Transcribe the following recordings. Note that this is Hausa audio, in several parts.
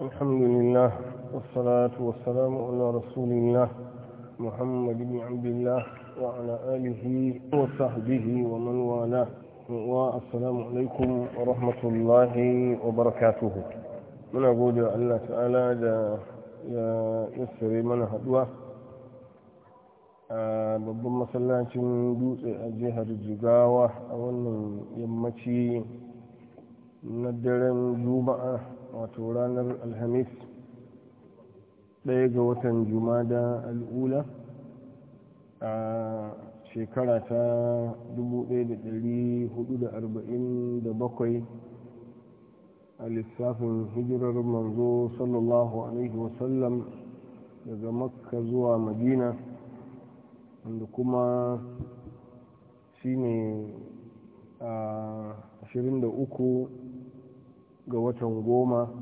الحمد لله والصلاة والسلام على رسول الله محمد بن عبد الله وعلى آله وصحبه ومن والاه والسلام عليكم ورحمة الله وبركاته من أقول الله تعالى يا يسر من هدوه a babban masallacin dutse a jihar jigawa a wannan yammaci na daren juma'a wato ranar alhamis ɗaya ga watan jumada al'ula a shekara ta 1447 a lissafin hijirar manzo sallallahu alaihi wasallam daga makka zuwa madina wanda kuma shine a 23 ga watan goma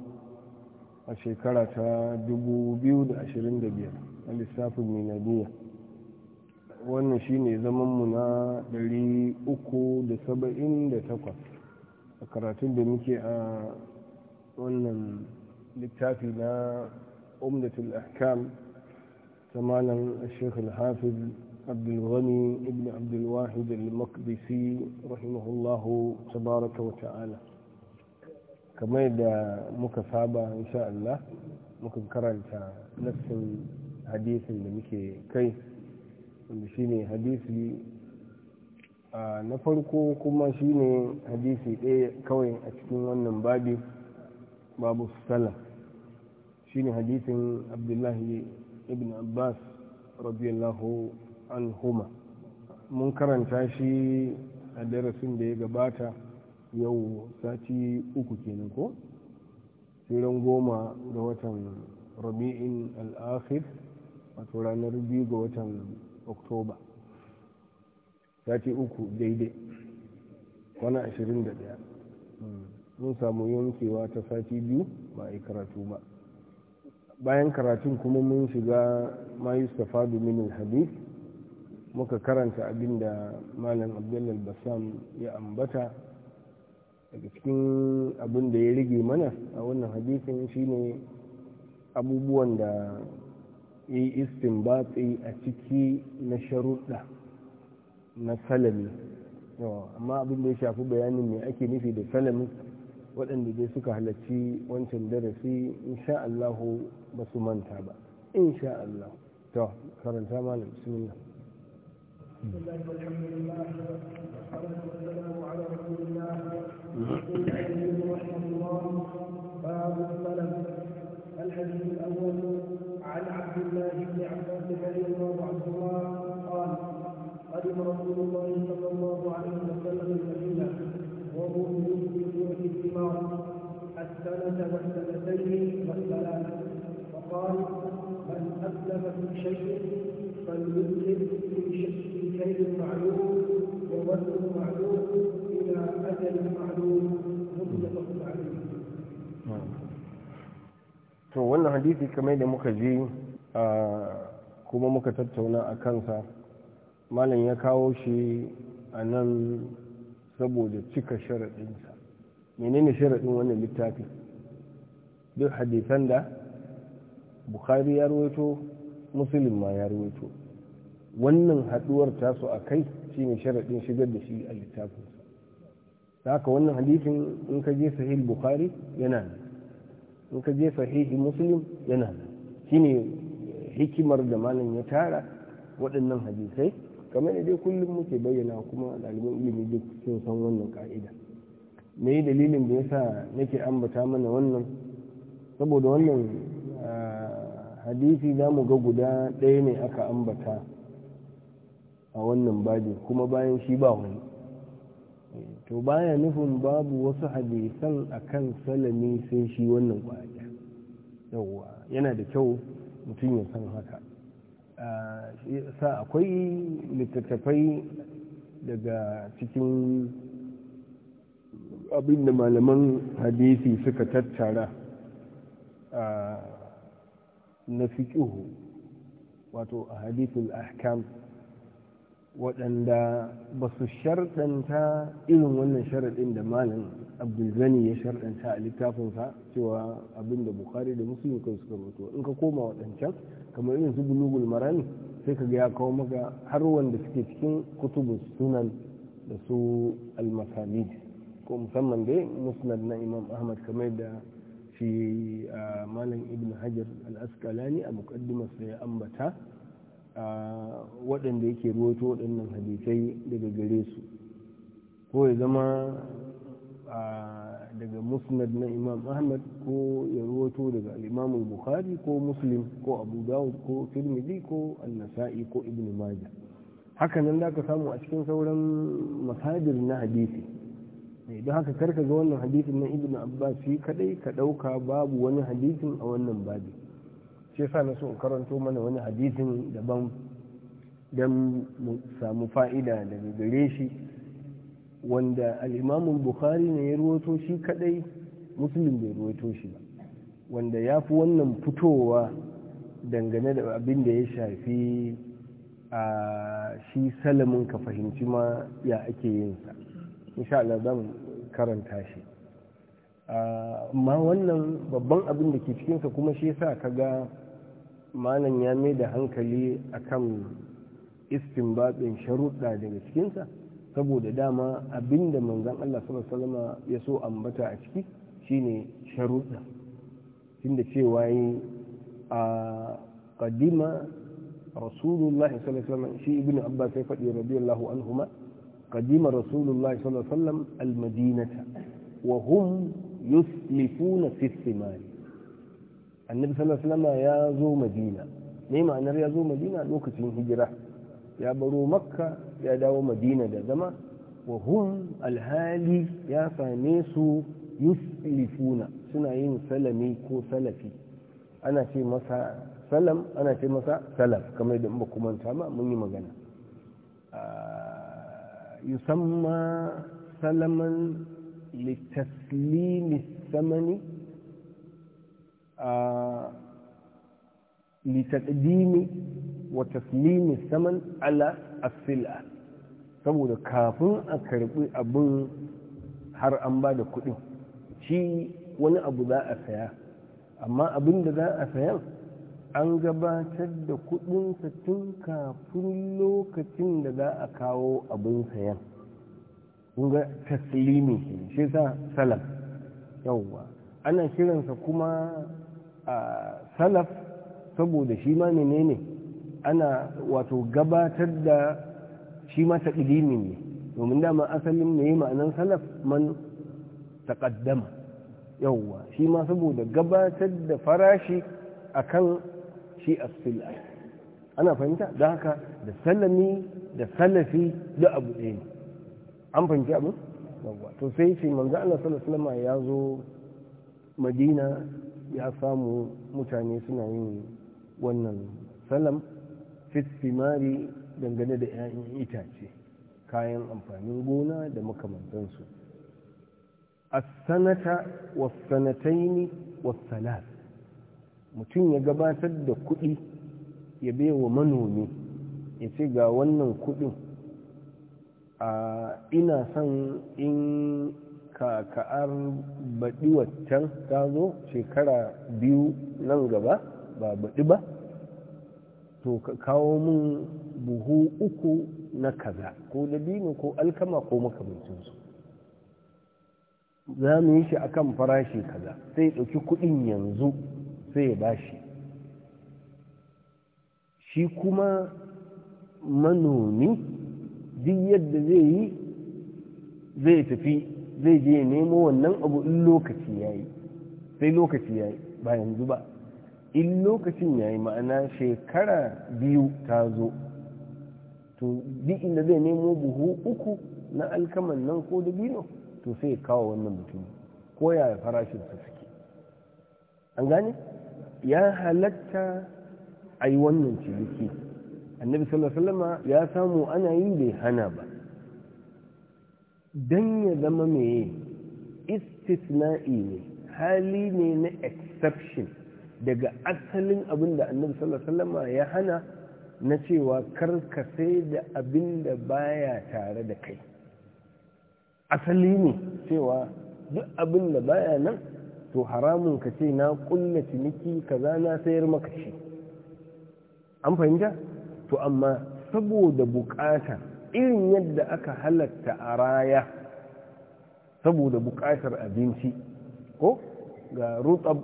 a shekara ta 2025 a lissafin miladiya wannan shine zamanmu na 378 a karatun da muke a wannan littafi na umdatul ahkam ta malam shekul hafiz عبد ibn abdulwahid al الواحد rahimahullahu tabaraka kamar da muka saba insha Allah muka karanta nassin hadisin da muke kai wanda shine hadisi na farko kuma shine hadisi ɗaya kawai a cikin wannan babi babu sallah shine hadisin abdullahi ibn abbas radiyallahu anhuma mun karanta shi a darasin da ya gabata yau sati uku kenan ko tsiran goma ga watan rabi'in al'akhir wato ranar biyu ga watan oktoba sati uku daidai kwana ashirin da daya mun samu yankewa ta sati biyu ba a yi karatu ba bayan karatun kuma mun shiga ma yustafa domin hadith muka karanta abinda malam abdullal basam ya ambata cikin abin da ya rige mana a wannan hadisin shine abubuwan da ya yi istinbatsi a ciki na sharuɗa na salami amma abin da ya shafi bayanin mai ake nufi da salami waɗanda dai suka halarci wancan darasi insha Allah ba su manta ba insha Allah to karanta malam bismillah بسم الله لله والصلاة والسلام على رسول الله يقول رحمه الله باب السلف الحديث الأول عن عبد الله بن عباس رضي الله عنهما قال قدم رسول الله صلى الله عليه وسلم المدينة وهو يمسك في الثمار السنة والسنتين والثلاث وقال من أسلم في شيء فليسلم في شيء شيء معلوم ووزن معلوم إلى أجل معلوم متفق عليه to wannan hadisi kamar da muka ji kuma muka tattauna a kansa malam ya kawo shi a nan saboda cika sharaɗinsa menene sharaɗin wannan littafi duk hadisan da bukhari ya ruwaito musulun ma ya ruwaito wannan haduwar tasu a kai shi ne sharaɗin shigar da shi a littafin ta haka wannan hadisin in ka je sahih bukhari yana nan in ka je sahih muslim yana nan ne hikimar da malam ya tara waɗannan hadisai kamar da dai kullum muke bayyana kuma ɗaliban ilimi duk sun san wannan ka'ida me dalilin da yasa nake ambata mana wannan saboda wannan ah, hadisi za mu ga guda ɗaya ne aka ambata a wannan babin kuma bayan shi ba wani to baya nufin babu wasu hadisan akan salami sai shi wannan kwaya yauwa yana da kyau mutum ya san haka sa akwai littattafai daga cikin abin da malaman hadisi suka tattara na fiƙihu wato a hadithul ahkam waɗanda ba su sharɗanta irin wannan sharaɗin da malam abdulgani ya sharɗanta a littafinsa cewa abin da bukari da musulun kai suka rubuto in ka koma waɗancan kamar irin su bulugul marani sai ka ya kawo maka har wanda suke cikin kutubun sunan da su almasalid ko musamman dai musnad na imam ahmad kamar da shi ah, malam ibn hajar al-asqalani a muqaddimarsa ya ambata waɗanda yake ruwato waɗannan hadisai daga gare su ko ya zama daga musnad na imam ahmad ko ya ruwato daga imam bukhari ko muslim ko abu dawud ko tirmidhi ko annasa'i ko ibn maja haka nan da ka samu a cikin sauran masadir na hadisi eh, don haka karka ga wannan hadisin na ibn abbas shi kadai ka ɗauka babu wani hadisin a wannan babi shi yasa na so in karanto mana wani hadisin daban don mu samu fa'ida daga gare shi wanda al'imamun bukhari ne ya ruwato shi kadai musulun bai ruwato shi ba wanda ya fi wannan fitowa dangane da abin da ya shafi a shi salamin ka fahimci ma ya ake yinsa insha Allah zan karanta shi amma wannan babban abin da ke cikinsa kuma shi yasa ga. malam ya mai da hankali akan istinbatin sharuɗa daga cikinsa saboda dama abinda manzan Allah salama ya so ambata a ciki shine sharuɗa da cewa yi a ƙadima rasulullah sallallahu shi ibn abbas ya faɗi radiyallahu anhuma ƙadima rasulullah الله صلى الله عليه وسلم المدينة وهم annabi sallallahu ya zo madina ne ma'anar ya zo madina lokacin hijira ya baro makka ya dawo madina da zama wa hum alhali ya same su yusilifuna suna yin salami ko salafi ana ce masa salam ana ce masa salaf kamar da kuma ta ma mun yi magana ah, yusamma salaman litaslimis samani litaqdimi wa taslimi saman ala asila saboda kafin a karbi abin har an ba da kuɗin shi wani abu za a saya amma abin da za a saya an gabatar da kuɗinsa tun kafin lokacin da za a kawo abin sayan ga taslimi shi sa salam yawwa ana kiransa kuma A salaf saboda shi ma menene ana wato gabatar da shi ma taqdimi ne domin dama asalin ne ma'anar salaf man ƙaddama, yawwa shi ma saboda gabatar da farashi akan shi a sila ana fahimta da haka da salami da salafi da abu ɗaya ne an fahimci abin to sai shi manzo Allah sallallahu ya zo Madina ya samu mutane suna yin wannan salam fitsimari dangane da 'ya'yan itace kayan amfanin gona da makamantansu as-sanata was-sanataini was-salat mutum ya gabatar da kuɗi ya bai wa manomi ya ce ga wannan kuɗin a ina son in kaka'ar baɗi waccan ta zo shekara biyu nan gaba ba baɗi ba to ka kawo min buhu uku na kaza ko dabino ko alkama ko makamancinsu za mu yi shi akan farashi kaza sai ɗauki kuɗin yanzu sai ya bashi shi kuma manomi duk yadda zai yi zai tafi zai je ya nemo wannan abu in lokaci ya yi sai lokaci ya yi ba yanzu ba in lokacin ya yi ma'ana shekara biyu ta zo to duk inda zai nemo buhu uku na alkaman nan ko da biyu to sai kawo wannan mutum ko ya farashin su suke an gane ya halatta a yi wannan ciniki annabi sallallahu alaihi ya samu ana yi bai hana ba don ya zama mai istisna'i ne hali ne na exception daga asalin abin da annabi sallallahu ya hana na cewa karka sai da abin da baya tare da kai asali ne cewa duk abin da baya nan to haramun ka ce na kulla ciniki kaza na sayar maka shi an fahimta to amma saboda bukata irin yadda aka halatta a raya saboda buƙatar abinci ko ga rutsa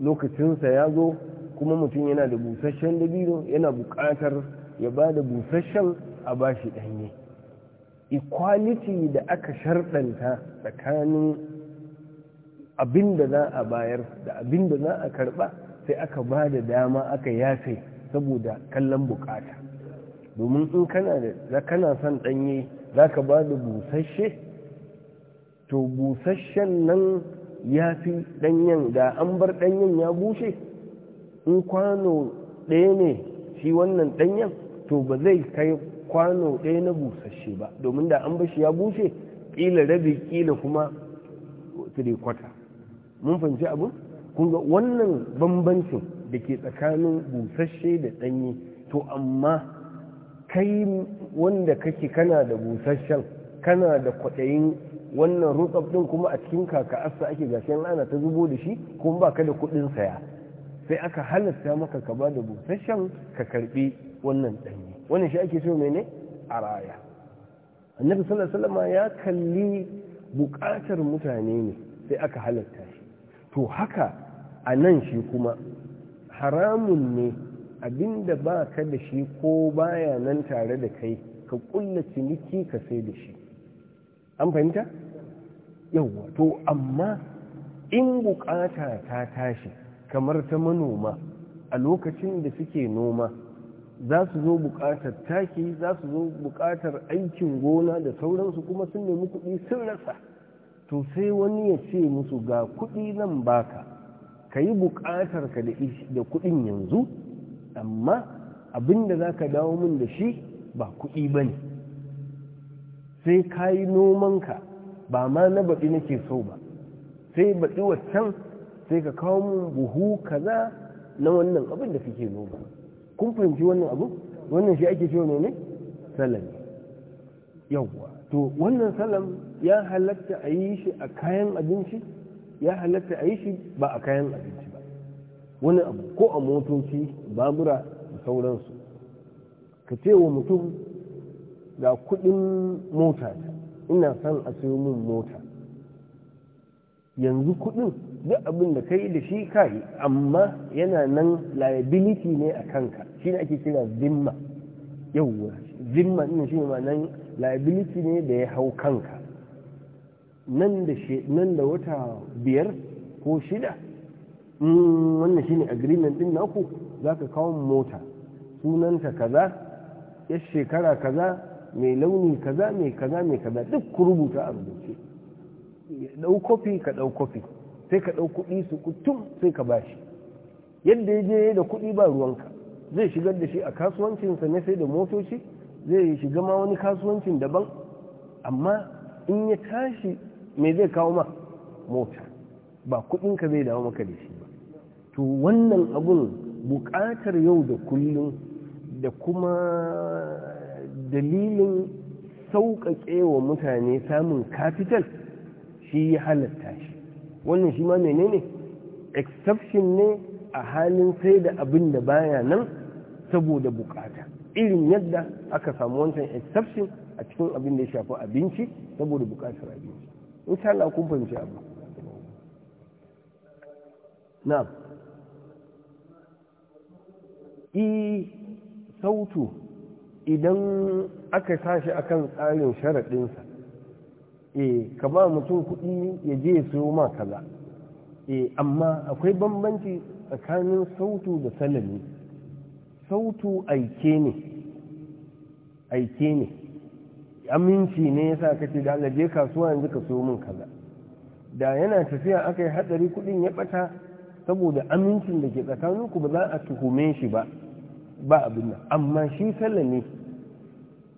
lokacinsa ya zo kuma mutum yana da busasshen dabino yana buƙatar ya ba da busasshen a ba shi ɗanye equality da aka sharɗanta tsakanin abin da za a bayar da abin da za a karɓa sai aka ba da dama aka yafe saboda kallon buƙata domin in kana da kana son ɗanye zaka ka ba da busasshe to busasshen nan ya fi ɗanyen da an bar ɗanyen ya bushe in kwano ɗaya ne shi wannan ɗanyen to ba zai kai kwano ɗaya na busasshe ba domin da an bashi ya bushe ƙila rabi ƙila kuma tire kwata mun fahimci abu kunga wannan bambancin da ke tsakanin busasshe da ɗanye to amma kai wanda kake kana da busasshen kana da kwaɗayin wannan rutsaf ɗin kuma a cikin kaka asa ake gashin ana ta zubo da shi kuma ba ka da kuɗin saya sai aka halatta maka ka ba da busasshen ka karɓi wannan ɗanye wannan shi ake so mene a raya annabi sallallahu alaihi wasallam ya kalli buƙatar mutane ne sai aka halatta shi to haka a nan shi kuma haramun ne abinda ba ka da shi ko baya nan tare da kai ka kulla ciniki ka sai da shi an fahimta yawwa to amma in bukata ta tashi kamar ta manoma a lokacin da suke noma za su zo bukatar taki za su zo bukatar aikin gona da sauransu kuma sun nemi kuɗi sun rasa to sai wani ya ce musu ga kuɗi zan baka ka yi bukatar ka da kuɗin yanzu amma abinda za ka dawo min da shi ba kuɗi ba ne sai ka yi nomanka ba ma na baɗi nake so ba sai baɗi waccan sai ka kawo min buhu kaza na wannan abin da kake noma kun fahimci wannan abu wannan shi ake cewa ne salam yawwa to wannan salam ya halatta a yi shi a kayan abinci ya halatta a yi shi ba a kayan abinci wani abu ko a motoci babura da sauransu ka ce wa mutum ga kudin mota ina son a sayo min mota yanzu kudin duk abin da ka yi da shi ka yi amma yana nan liability ne a kanka shi ne ake kira zimma yauwa zimma ina shi ma nan liability ne da ya hau kanka nan da wata biyar ko shida in wannan shine agreement din naku zaka kawo mota sunanta kaza ya shekara kaza mai launi kaza mai kaza mai kaza duk ku rubuta a rubuce ya dau kofi ka dau kofi sai ka dau kuɗi su kutum sai ka bashi yadda ya je da kuɗi ba ruwanka zai shigar da shi a kasuwancinsa na sai da motoci zai shiga ma wani kasuwancin daban amma in ya tashi me zai kawo ma mota ba kuɗinka zai dawo maka da shi to wannan abun buƙatar yau da kullum da kuma dalilin sauƙaƙe wa mutane samun kafital shi ya halatta shi wannan shi ma menene exception ne a halin sai da abin da baya nan saboda buƙata irin yadda aka samu wancan exception a cikin abin da ya shafi abinci saboda buƙatar abinci in sha Allah kun fahimci abu na'am i sautu idan aka sashi akan tsarin sharaɗinsa e ka ba mutum kuɗi ya je siyo ma kaza e amma akwai bambanci tsakanin sautu da salami sautu aike ne aike ne aminci ne yasa ce da alaje kasuwa yanzu ka siyo min kaza da yana tafiya aka yi hatsari kuɗin ya ɓata saboda amincin da ke tsakaninku ba za a tuhume shi ba ba abin nan amma shi salami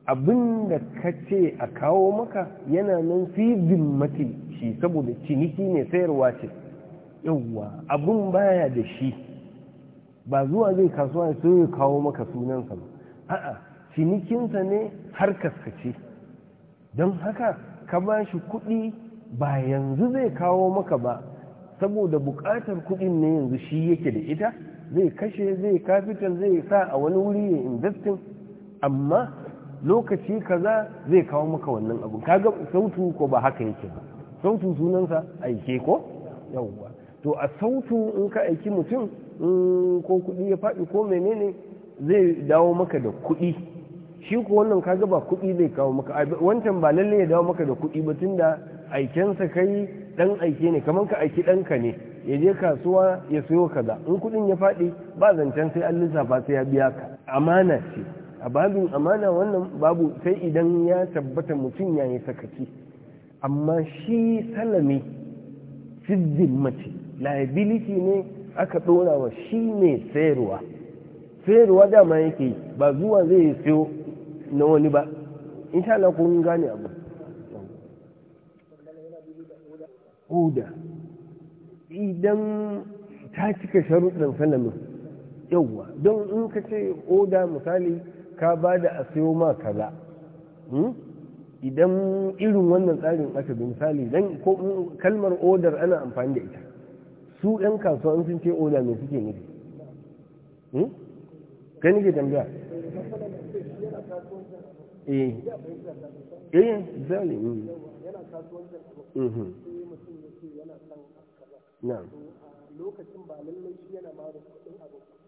abin da ka ce a kawo maka yana nan fi zimmati shi saboda ciniki ne sayarwa ce yawwa abin baya da shi ba zuwa zai kasuwa ya ya kawo maka sunansa ba a'a cinikinsa ne har kaskace don haka ka ba shi kuɗi ba yanzu zai kawo maka ba saboda buƙatar kuɗin ne yanzu shi yake da ita zai kashe zai capital zai sa a wani wuri ya investing amma lokaci kaza zai kawo maka wannan abu kaga sautu ko ba haka yake ba sautu sunansa aike ko yawwa to a sautu in ka aiki mutum mm, ko kuɗi ya faɗi ko menene zai dawo maka da kuɗi shi ko wannan kaga ba kuɗi zai kawo maka wancan ba lalle ya dawo maka da kuɗi ba tunda aikensa kai dan aike ne kamar ka aiki ɗanka ne ya je kasuwa ya sayo kaza in kudin ya fadi ba zancen sai an lissafa sai ya biya ka amana ce a babin amana wannan babu sai idan ya tabbata mutum ya yi sakaci amma shi salami siddin mace liability ne aka dora wa shi ne sayarwa sayarwa dama yake ba zuwa zai yi sayo na wani ba insha Allah kun gane abu idan ta cika sharuɗin salamin yauwa don in ka ce oda misali ka ba da a sayo ma kaza hmm? idan irin wannan tsarin aka bi misali don ko kalmar odar ana amfani da ita su ɗan kasuwa in sun ce oda mai suke nufi gani hmm? nike tambaya eh eh zalimi lokacin ba yana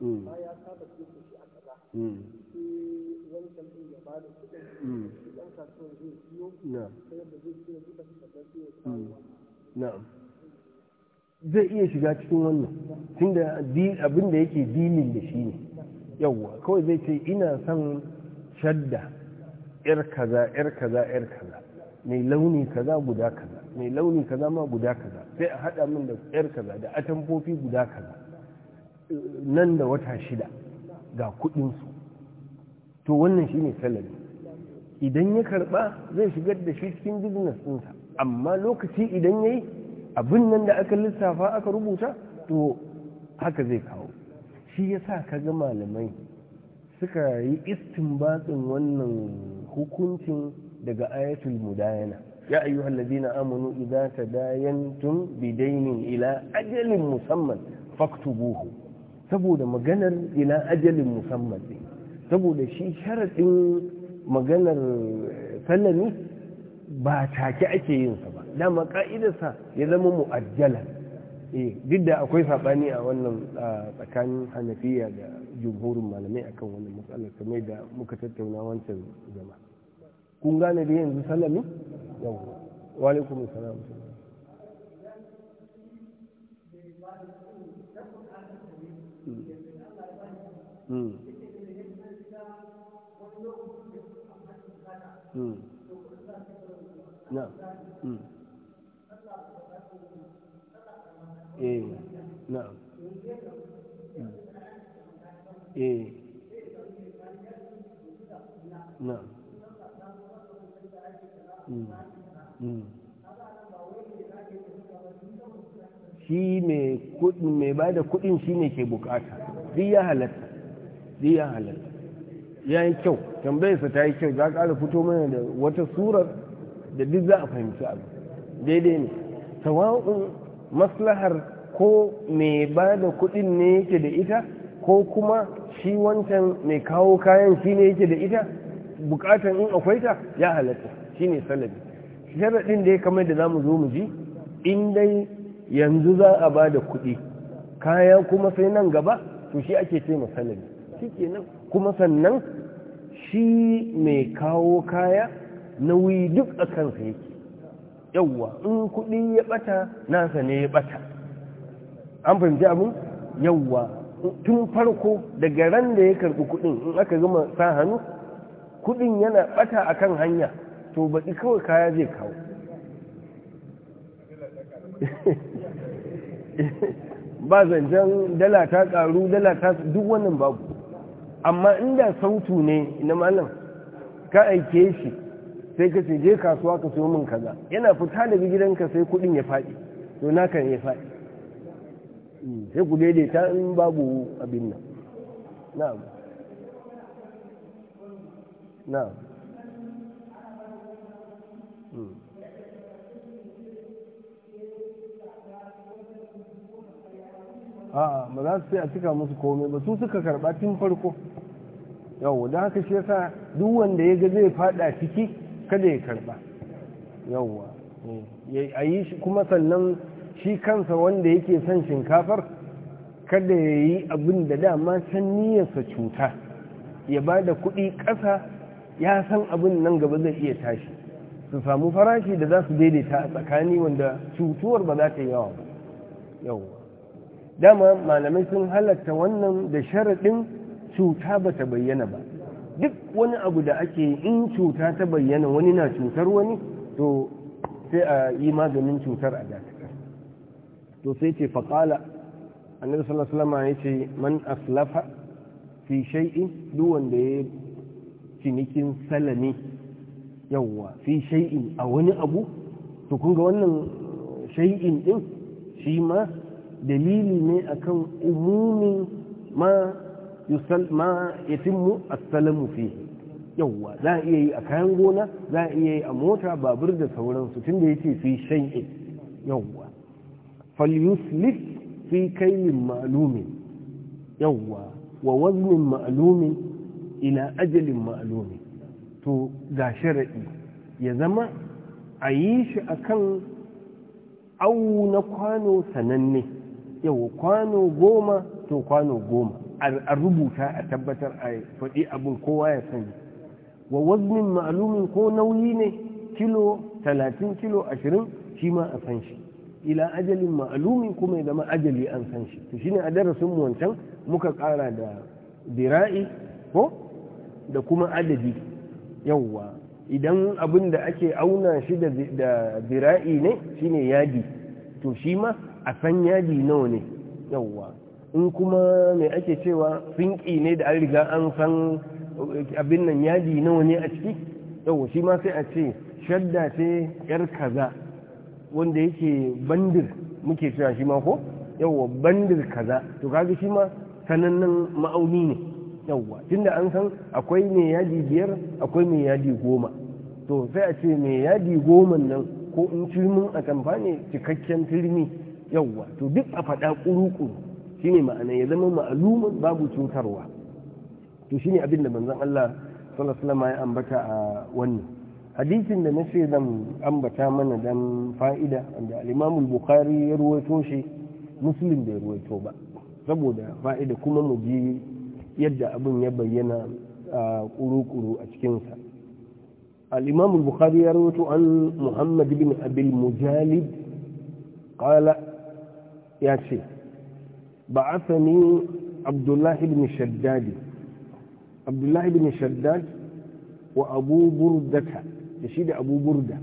mm. zai mm. zai iya shiga cikin wannan da abin da yake dinin da shi ne yawwa kawai zai ce ina son shadda yar kaza yar kaza yar kaza mai launi kaza guda kaza mai launi kaza ma guda kaza sai a haɗa min da yar kaza da atamfofi guda kaza nan da wata shida ga kuɗinsu to wannan shine salari idan ya karɓa zai shigar da shi cikin business ɗinsa amma lokaci idan ya yi abin nan da aka lissafa aka rubuta to haka zai kawo shi ya sa ka ga malamai suka yi istinbatsin wannan hukuncin daga ayatul mudayana ya ayyuhal ladina amanu idza tadayantum bidaynin ila ajalin musamman faktubuhu saboda maganar ila ajalin musamman saboda shi sharadin maganar sallami ba take ake yin sa ba dama sa ya zama mu'ajjala duk da akwai saɓani a wannan tsakanin hanafiya da jumhurin malamai akan wannan matsalar kamar da muka tattauna wancan zama kun gane da yanzu salami yau wa alaikum salam نعم نعم نعم shi mai ba da kudin shi ne ke bukata ya halatta ya halatta ya yi kyau tambayarsa ta yi kyau za kara fito mana da wata surar da duk za a fahimci abu daidai ne sawa'un maslahar ko mai ba da kudin ne yake da ita ko kuma shi wancan mai kawo kayan shi ne yake da ita bukatan in akwai ta ya halatta shi ne salabi sharaɗin da ya kamar da za mu zo mu ji in dai yanzu za a ba da kuɗi kaya kuma sai nan gaba to shi ake ce masalami shi nan kuma sannan shi mai kawo kaya nauyi duk a kansa yake yawwa in kuɗi ya ɓata nasa ne ya ɓata an fahimci abin yauwa tun farko daga ran da ya karɓi kuɗin in aka gama sa hannu kuɗin yana ɓata akan hanya to baɗi kawai kaya zai kawo ba zancen dala ta tsaru dala ta duk wannan babu amma inda sautu ne na malam ka aike shi sai ka ce kasuwa ka siyo min kaza yana fita daga gidanka sai kudin ya faɗi to kan ya faɗi hmm, sai ku daidaita in babu abin nan na'am na'am a'a ba za su sai a cika musu komai ba su suka karba tun farko yau da haka shi yasa duk wanda ya ga zai fada ciki kada ya karba yauwa eh, a yi kuma sannan shi kansa wanda yake son shinkafar kada ya yi abin da dama san niyarsa cuta ya ba da kuɗi ƙasa ya san abin nan gaba zai iya tashi su samu farashi da za su daidaita a tsakani wanda cutuwar ba za ta yi yawa ba yauwa dama malamai sun halatta wannan da sharaɗin cuta ba ta bayyana ba duk wani abu da ake in cuta ta bayyana wani na cutar wani to sai a yi maganin cutar a dakatar to sai ce faƙala annabi sallallahu alaihi wasallam ya ce man aslafa fi shay'in duk wanda ya cinikin salami yawwa fi shay'in a wani abu to kun ga wannan shay'in ɗin shi ma dalili ne akan umumi ma yusal ma yatimmu as-salamu fihi yawwa za a iya yi a kayan gona za a iya yi a mota babur da sauransu tunda yace fi yawa yawwa yuslif fi kaylin ma'lumin yawwa wa waznin ma'lumin ila ajalin ma'lumin to ga sharadi ya zama a yi shi akan auna kwano sananne yau kwano goma to kwano goma a rubuta a tabbatar a faɗi abin kowa ya sani wa wazmin ma'alumin ko nauyi ne kilo talatin kilo ashirin shi ma a san shi ila ajalin ma'alumin kuma ya zama ajali an san shi to shine a darasin mu wancan muka ƙara da dira'i ko da kuma adadi yawwa idan abin da ake auna shi da dira'i ne shine yadi to shi ma a san yadi nawa ne yawwa in kuma mai ake cewa finki ne da an riga an san eh, abin nan yadi nawa ne a ciki yawwa shi ma sai a ce shadda ce yar kaza wanda yake bandir muke cewa shi ma ko yawwa bandir kaza to kaga shi ma sanannen ma'auni ne yawwa tunda an san akwai mai yadi biyar akwai mai yadi goma to sai a ce mai yadi goma nan ko in cimin a kamfani cikakken turmi yawwa to duk a faɗa ƙuruƙuru shine ma'ana ya zama ma'aluman babu cutarwa to shine abin da manzon Allah sallallahu alaihi ya ambata a wannan hadisin da nace zan ambata mana dan fa'ida wanda al-Imam al-Bukhari ya ruwaito shi Muslim bai ruwaito ba saboda fa'ida kuma mu bi yadda abin ya bayyana a ƙuruƙuru a cikinsa الإمام البخاري يروي عن محمد بن أبي المجالد قال ya ce ba a asani abdullahi ibn shaddadi abdullahi ibn shaddad wa abu burdata da shi da abu burda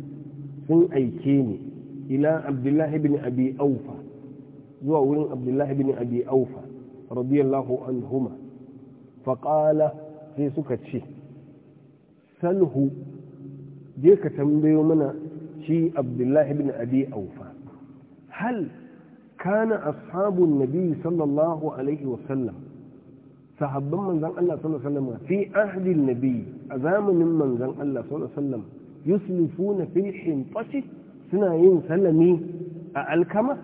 sun aike ni ila abdullahi ibn abi aufa zuwa wurin abdullahi ibn abi aufa radiyallahu anhuma faƙala sai suka ce salhu je ka tambayo mana shi abdullahi bin abi aufa hal kana ashabun nabi sallallahu alaihi wasallam sahabban manzan Allah sallallahu alaihi wasallam fi ahdin nabi a zamanin manzan Allah sallallahu alaihi wasallam yuslifuna fi suna yin salami a alkama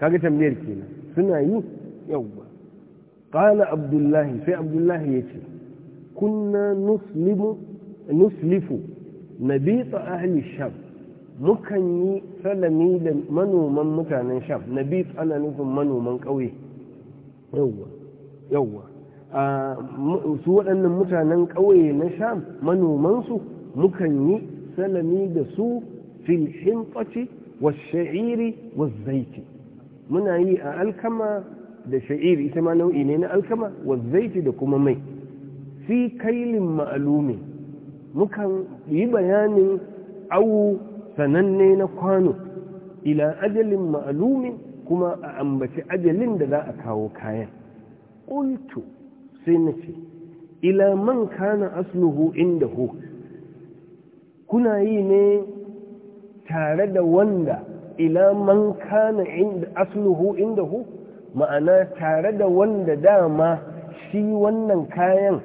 kaga tambayar kenan suna yi yawwa qala abdullahi sai abdullahi yace kunna nuslimu nuslifu nabita Ali sham mukan yi salami da manoman mutanen sham na bif ana nufin manoman ƙauye yawwa yawwa su waɗannan mutanen ƙauye na sham manomansu mukan yi salami da su fil himfaci wa sha'iri wa zaiti muna yi a alkama da sha'iri ita ma nau'i ne na alkama wa zaiti da kuma mai fi kailin ma'alumi mukan yi bayanin awu sananne na kwano ila ajalin malumin kuma a ambaci ajalin da za a kawo kayan ƙultu sai na ce ila man kana asluhu inda hu kuna yi ne tare da wanda ila man kana asluhu inda hu ma'ana tare da wanda dama shi wannan kayan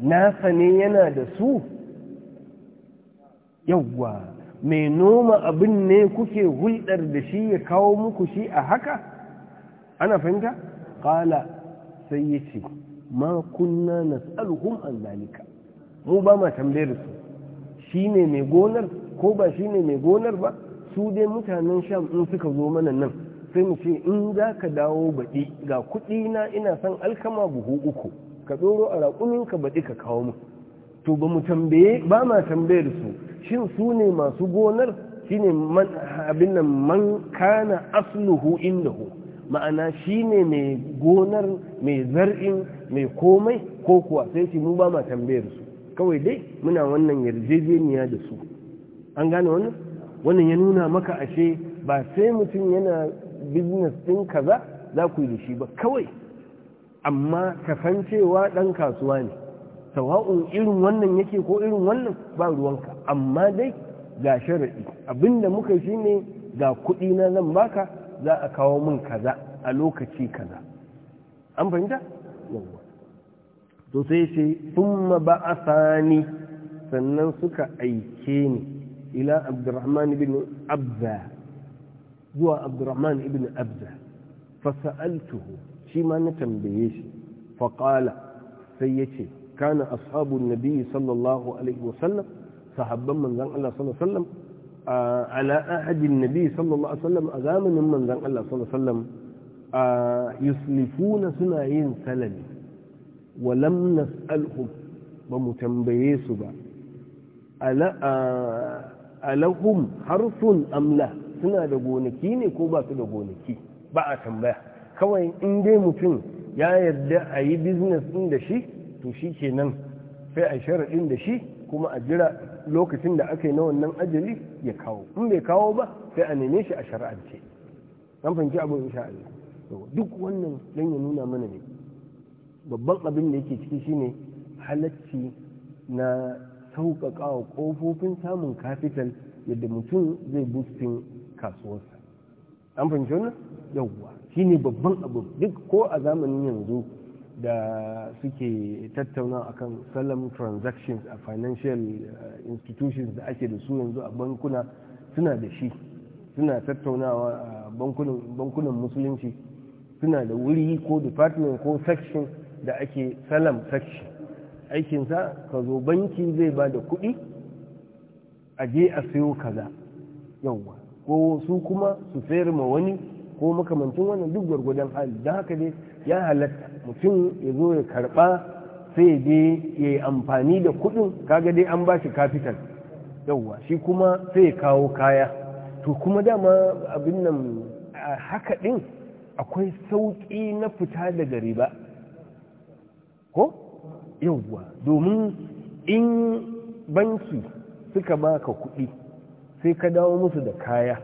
nasa ne yana da su yawwa mai noma abin ne kuke hulɗar da shi ya kawo muku shi a haka ana fahimta ƙala sai ya ce ma kunna na tsaruhun an zalika mu ba ma tambayar su shi ne mai gonar ko ba shi ne mai gonar ba su dai mutanen sham in suka zo mana nan sai mu ce in za ka dawo baɗi ga kuɗi na ina son alkama buhu uku ka tsoro a raƙumin ka baɗi ka kawo mu to ba mu tambaye ba ma tambayar su shin su ne masu gonar shi ne abin nan man kana asluhu hu? ma'ana shi ne mai gonar mai zar'in mai komai ko kuwa sai ce mu ba ma tambayar su kawai dai muna wannan yarjejeniya da su an gane wannan wannan ya nuna maka ashe ba sai mutum yana business din kaza za ku yi da shi ba kawai amma kasancewa ɗan kasuwa ne sawa'un irin wannan yake ko irin wannan ba ruwanka amma dai ga sharaɗi abinda muka shi ne ga kuɗi na zan baka za a kawo min kaza a lokaci kaza an fahimta yawwa to sai ce thumma ba'athani sannan suka aike ni ila abdurrahman ibn abza zuwa abdurrahman ibn abza fasa'altuhu shi ma na tambaye shi faƙala sai yace kana ashabun nabi sallallahu alaihi wasallam sahabban manzan Allah sallallahu alaihi ahadin nabi sallallahu alaihi wasallam a zamanin manzan Allah sallallahu alaihi suna yin salami wa lam nas'alhum tambaye su ba alahum harsun amla suna da gonaki ne ko basu da gonaki ba a tambaya kawai in dai mutum ya yarda a yi business ɗin da shi to shi kenan sai a sharaɗin da shi kuma a jira lokacin da aka yi na wannan ajali ya kawo in bai kawo ba sai a neme shi a shari'ance an fahimci abu insha Allah duk wannan dan ya nuna mana ne babban abin da yake ciki shine halacci na sauƙaƙa wa ƙofofin samun kafital yadda mutum zai boosting kasuwarsa an fahimci wannan yawwa shine babban abu duk ko a zamanin yanzu da suke tattauna kan salam transactions a financial eh, institutions da ake da su yanzu a bankuna suna da shi suna tattaunawa a bankunan musulunci suna da wuri ko department ko section da ake salam section aikinsa ka zo banki zai ba da kuɗi a je a sayo kaza yawwa ko su kuma su sayar ma wani ko makamancin wannan duk gwargwadon hali don haka dai ya halatta mutum ya zo ya karɓa sai je ya yi amfani da kudin kaga dai an bashi kafital yauwa shi kuma sai ya kawo kaya to kuma dama abin nan haka din akwai sauƙi na fita daga riba ko yauwa domin in banki suka baka kuɗi sai ka dawo musu da kaya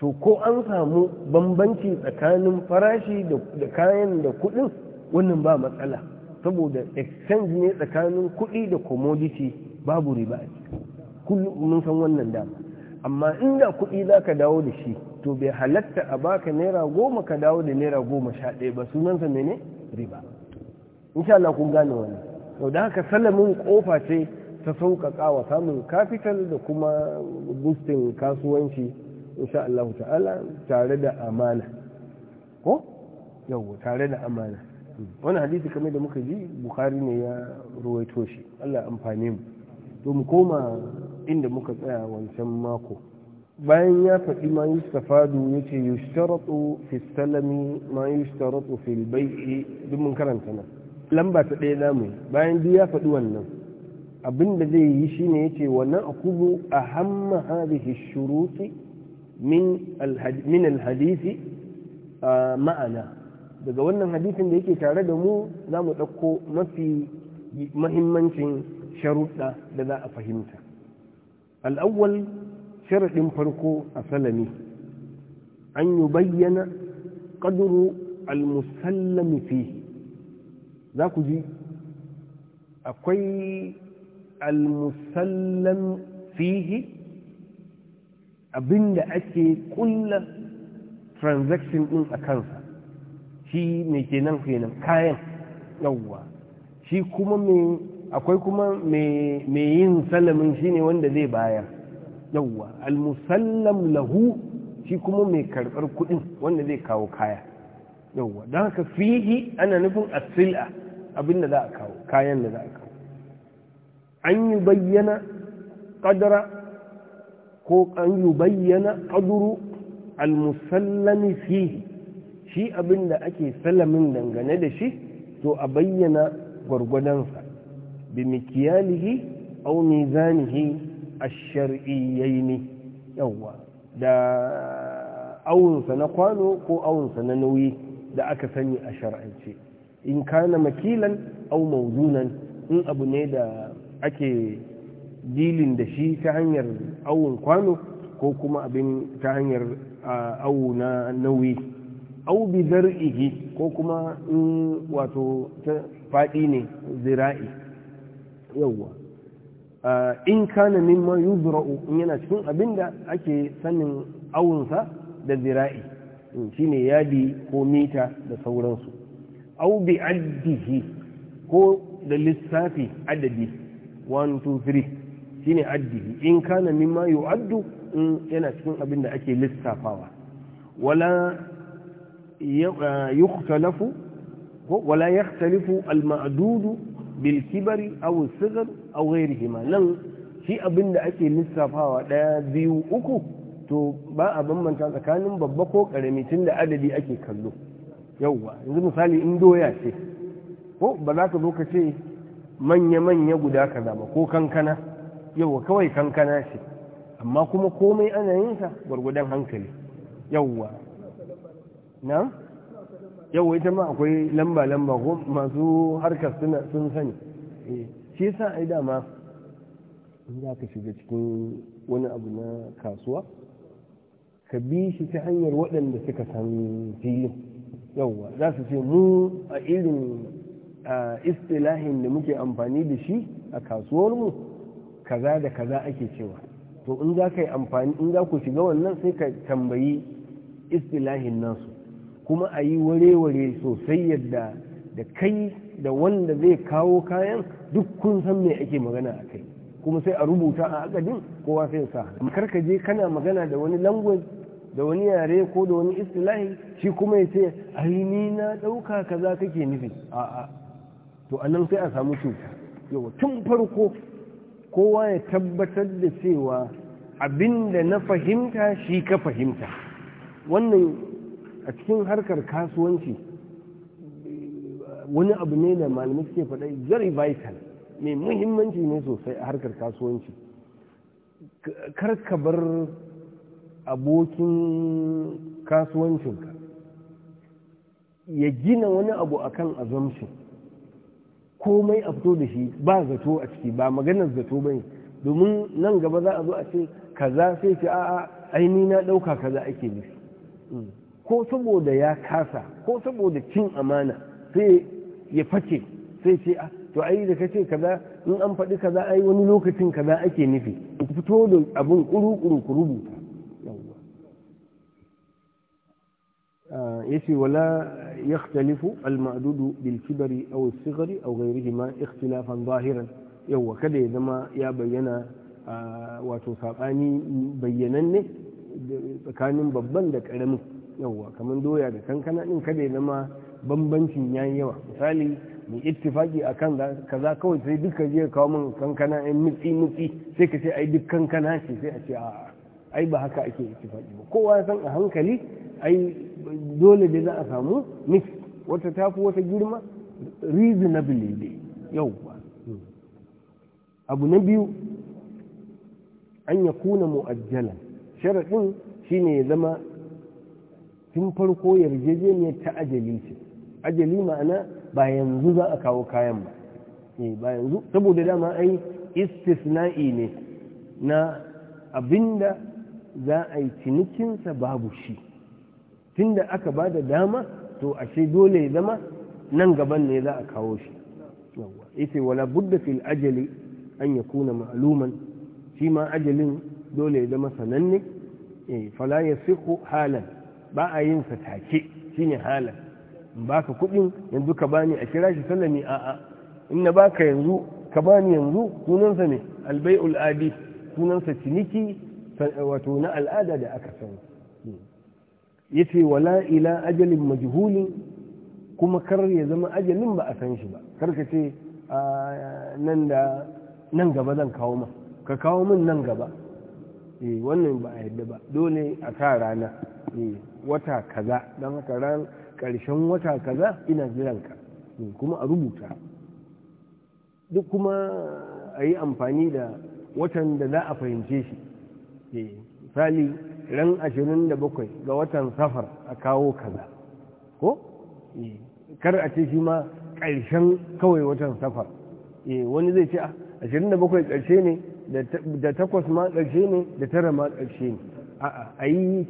to ko an samu bambanci tsakanin farashi da kayan da kuɗin wannan ba matsala saboda exchange ne tsakanin kuɗi da commodity babu riba a ciki kullum mun san wannan dama amma inda kuɗi za ka dawo da shi to bai halatta a baka naira goma ka dawo da naira goma sha ɗaya ba sunansa mene riba insha Allah kun gane wani to da haka salamin kofa ce ta sauƙaƙa wa samun kafital da kuma boostin kasuwanci insha Allah ta'ala tare da amana ko yau tare da amana wani hadisi kamar da muka ji bukari ne ya ruwaito shi allah amfani mu to mu koma inda muka tsaya wancan mako bayan ya faɗi ma yustafadu ya ce yushtaratu fi salami ma yushtaratu fi bai'i duk mun karanta nan lamba ta ɗaya namu bayan duk ya faɗi wannan abin da zai yi shine ya ce wa na'khudhu ahamma hadhihi ash-shuruti min al-hadisi ma'ana daga wannan hadisin da yake tare da mu za mu ɗauko mafi mahimmancin sharuɗa da za a fahimta al'awwal sharaɗin farko a salami an yi bayyana ƙaduru al fi za ku ji akwai al fihi abinda ake kulla transaction ɗin a kansa shi ke nan kenan kayan yawwa shi kuma mai akwai kuma mai yin salamin shi ne wanda zai bayar yawwa almusallam lahu shi kuma mai karɓar kuɗin wanda zai kawo kaya yawwa don haka fihi ana nufin asila abin da za a kawo kayan da za a kawo an yi bayyana ƙadara ko an yi bayyana ƙaduru almusallami fihi shi abin da ake salamin dangane da shi to a bayyana gwargwadonsa bi mikiyalihi au mizanihi ash ne yawwa da awunsa na kwano ko awunsa na nauyi da aka sani a shar'ance in kana makilan au mawzunan in abu ne da ake dilin da shi ta hanyar awun kwano ko kuma abin ta hanyar awu na nauyi au bi zar'ihi ko kuma in wato faɗi ne zira'i yawwa in kana mimma yuzra'u in yana cikin abinda ake sanin awunsa da zira'i shine yadi ko mita da sauransu au bi addihi ko da lissafi adadi 1 2 3 shine addihi in kana mimma yu'addu in yana cikin abinda ake lissafawa wala يختلف ولا يختلف المعدود بالكبر أو الصغر أو غيرهما لن شيء أبن أكي لسافها لا ذيو أكو to ba bambanta tsakanin babba ko karami tun da adadi ake kallo yauwa yanzu misali in doya ce ko ba za ka zo ka ce manya-manya guda kaza ba ko kankana yauwa kawai kankana ce amma kuma komai ana yin sa gwargwadon hankali yauwa na yau ita ma akwai lamba-lamba ko masu harkar sun sani eh, shi yasa ai dama in za ka shiga cikin wani abu na kasuwa ka bi shi ta hanyar waɗanda suka san filin yauwa za su ce mu a irin istilahin da muke amfani da shi a kasuwarmu kaza da kaza ake cewa to in za ka yi amfani in za ku shiga wannan sai ka tambayi istilahin nasu kuma a yi ware-ware sosai yadda da kai da wanda zai kawo kayan duk kun san me ake magana a kai kuma sai a rubuta a akadin kowa sai sa kar ka je kana magana da wani language da wani yare ko da wani istilahi shi kuma ya ce ni na ɗauka kaza kake nufi a'a to anan sai a samu cuta yau tun farko kowa ya tabbatar da cewa abinda na fahimta shi ka fahimta wannan a cikin harkar kasuwanci wani abu ne da malamai suke faɗa very vital mai muhimmanci ne sosai a harkar kasuwanci kar ka bar abokin kasuwancinka ya gina wani abu a kan azamshi. komai a fito da shi ba zato a ciki ba maganar zato bane domin nan gaba za a zo a ce kaza sai ce a'a ainihin na ɗauka kaza ake nufi hmm. ko saboda ya kasa ko saboda cin amana sai ya fake sai ce a ah, to ai da kace kaza in an faɗi kaza a yi wani lokacin kaza ake nufi in fito da abin kuru-kuru ku rubuta ah, ce, wala yakhtalifu al-ma'dudu bil kibari aw as-sighri aw ghayrihima ikhtilafan zahiran yawa kada ya zama ya bayyana ah, wato sabani bayyananne tsakanin babban da karamin yawwa kamar doya da kankana din kada ya zama bambancin yayi yawa misali mu ittifaki akan kaza kawai sai duka je kawo min kankana ɗin mutsi mutsi sai ka ce ai duk kankana ce sai a ce a ai ba haka ake ittifaki ba kowa san a hankali ai dole da za a samu mix wata tafi wata girma reasonably dai yawwa abu na biyu an ya kuna mu'ajjalan sharaɗin shine ya zama tun farko yarjejeniyar ta ajali ce ajali ma'ana ba yanzu za a kawo kayan ba eh, ba yanzu saboda dama ai istisna'i ne na abinda za a yi cinikinsa babu shi tunda aka ba da dama to ashe dole ya zama nan gaban ne za a kawo shi ita wala budda fil ajali an ya kuna ma'aluman shi ma ajalin dole ya zama sananne eh, fala ya siku halar ba a yin sa take shine hala in baka kuɗin yanzu ka bani a kira shi sallami a'a in na baka yanzu ka bani yanzu sa ne albayul adi sunansa ciniki wato na al'ada da aka sani yace wala ila ajalin majhuli kuma kar ya zama ajalin ba a san shi ba kar ka ce nan da nan gaba zan kawo ma ka kawo min nan gaba eh wannan ba a yadda ba dole a ka rana eh wata kaza don haka ran ƙarshen wata kaza ina jiranka kuma a rubuta duk kuma a yi amfani da watan da za a fahimce shi eh, misali ran 27 ga watan safar a kawo kaza ko eh, kar a ce shi ma ƙarshen kawai watan safar eh, wani zai ce 27 ah, ƙarshe ne da takwas ma ƙarshe ne da tara ma ƙarshe ne a'a a yi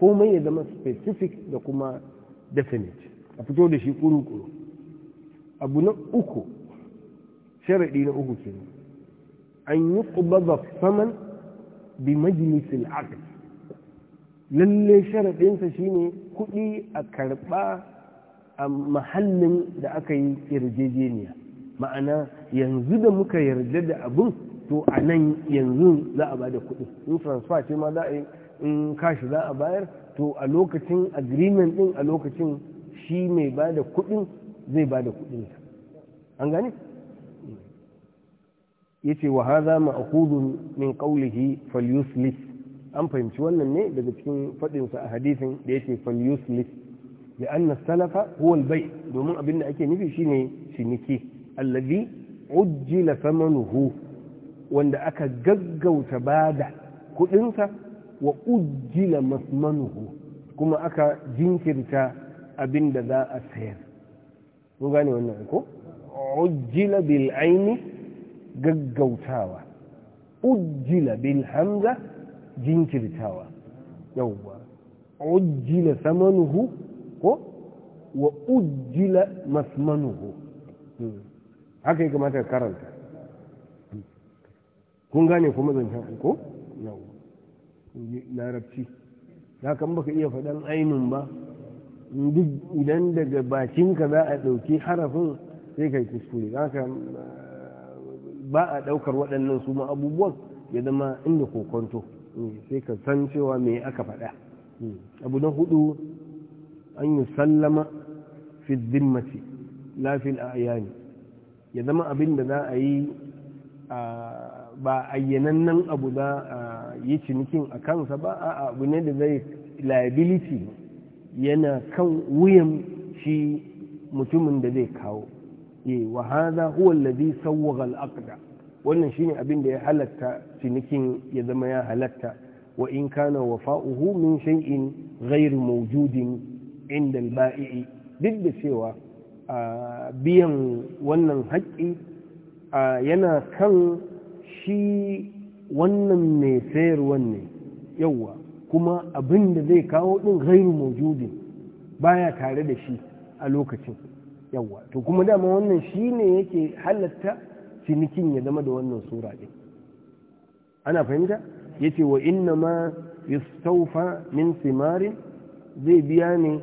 komai ya zama specific da kuma definite a fito da shi kuru-kuru abu na uku sharaɗi na uku kenan an yi ƙubaba saman bi majalisil aqd lalle sharaɗinsa shine kuɗi a karɓa a mahallin da aka yi yarjejeniya ma'ana yanzu da muka yarda da abun to a nan yanzu za a bada kuɗi in transfer ce ma za a yi in kashi za a bayar to a lokacin agreement din a lokacin shi mai bada kuɗin zai bada kuɗin an gane yace wa hadha ma'khudun min qawlihi falyuslis an fahimci wannan ne daga cikin fadin a hadisin da yace falyuslis bi anna salafa huwa bai. domin abin da ake nufi shine ciniki allazi ujjila thamanuhu wanda aka gaggauta bada kudinsa wa ujjila masmanuhu kuma aka jinkirta abin da za a sayar mun gane wannan ko ujjila bil aini gaggautawa ujjila bil hamza jinkirtawa yawwa ujjila samanuhu ko wa ujjila masmanuhu hmm. haka ya kamata karanta kun gane kuma zancen ko larabci ya kan baka iya faɗan ainun ba duk idan daga bakinka za a ɗauki harafin sai kai kuskure haka eh, ba a ɗaukar waɗannan su ma abubuwan ya zama inda kokonto eh, sai ka san cewa me aka faɗa eh, abu na hudu an yi sallama fi zimmati lafil ayani ya zama abin da za a yi a ba ayyanannen abu za a yi cinikin a kansa ba a abu ne da zai liability yana kan wuyan shi mutumin da zai kawo e wa hadha huwa alladhi sawwaga al-aqda wannan shine abin da ya halatta cinikin ya zama ya halatta wa in kana wafa'uhu min shay'in ghairu mawjudin inda al-ba'i duk da cewa biyan wannan haƙƙi yana kan shi wannan mai sayarwan ne yauwa kuma abin da zai kawo ɗin gairu maujudin baya tare da shi a lokacin yauwa to kuma dama wannan shi ne yake halatta cinikin ya zama da wannan sura ɗin ana fahimta ya ce wa inna ma saufa min simarin zai biya ne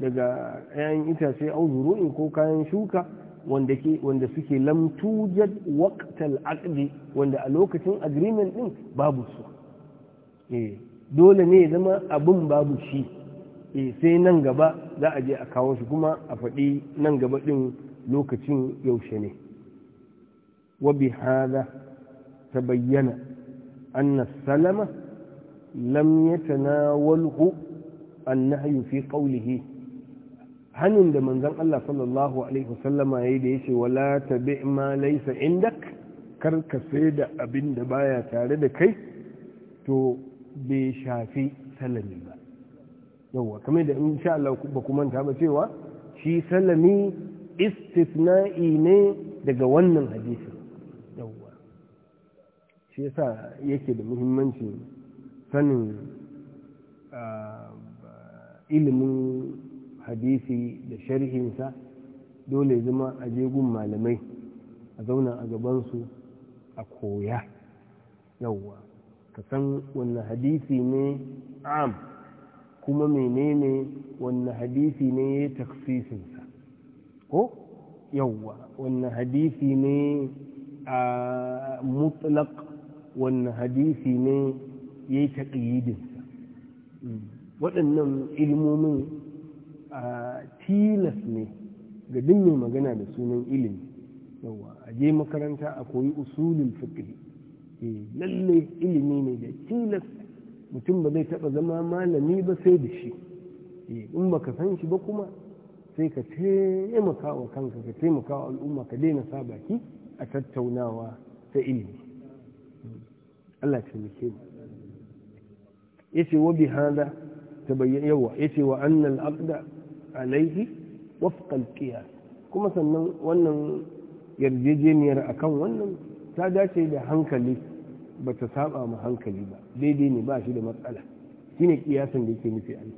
daga 'ya'yan itace auzuru'in ko kayan shuka wanda ke wanda suke lam tujad waqtal aqdi wanda a lokacin agreement din babu su eh dole ne ya zama abin babu shi eh sai nan gaba za a je a kawo shi kuma a faɗi nan gaba din lokacin yaushe ne wa bi hadha tabayyana anna salama lam yatanawalhu an-nahyu fi qawlihi hannun da manzan Allah sallallahu alaihi wasallama yayi da ce wala tabi ma laisa indak kar ka sai da abin da baya tare da kai to bai shafi salami ba yauwa kamar da insha Allah ba ku manta ba cewa shi salami istisna'i ne daga wannan hadisin yauwa shi yasa yake da muhimmanci sanin ah, ilimin hadisi da sharhinsa dole zama a je gun malamai a zauna a gabansu a koya yawwa ka san wannan hadisi ne am kuma menene wannan hadisi ne ya taksisinsa ko yawwa wannan hadisi ne a mutlaq wannan hadisi ne ya yi taƙiyidinsa hmm, waɗannan ilmomin a tilas ne ga duk mai magana da sunan ilimi yawa a je makaranta a koyi usulul fiqh eh, lalle ilimi ne da tilas mutum ba zai taba zama malami ba sai da shi eh, in baka san shi ba kuma sai ka taimaka wa kanka ka taimaka wa al'umma ka daina sa baki a tattaunawa ta ilimi Allah ta muke mu yace wa bi hada yawa yace wa annal aqda alaihi wafqal kuma sannan wannan yarjejeniyar akan wannan ta dace da hankali ba ta saba ma hankali ba daidai ne ba shi da matsala shine kiyasan da yake nufi an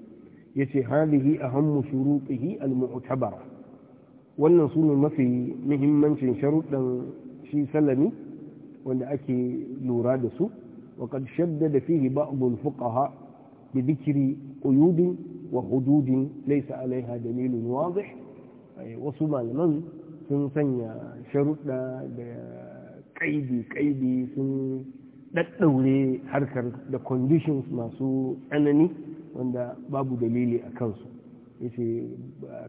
yace hadihi ahammu shurutihi almu'tabara wannan sune mafi muhimmancin sharuɗan shi salami wanda ake lura da su وقد شدد فيه بعض الفقهاء بذكر قيود wa hududin laisa alaiha dalilun wazih wasu malaman sun sanya sharuɗa da kaidi kaidi sun daddaure harkar da conditions masu tsanani wanda babu dalili a kansu yace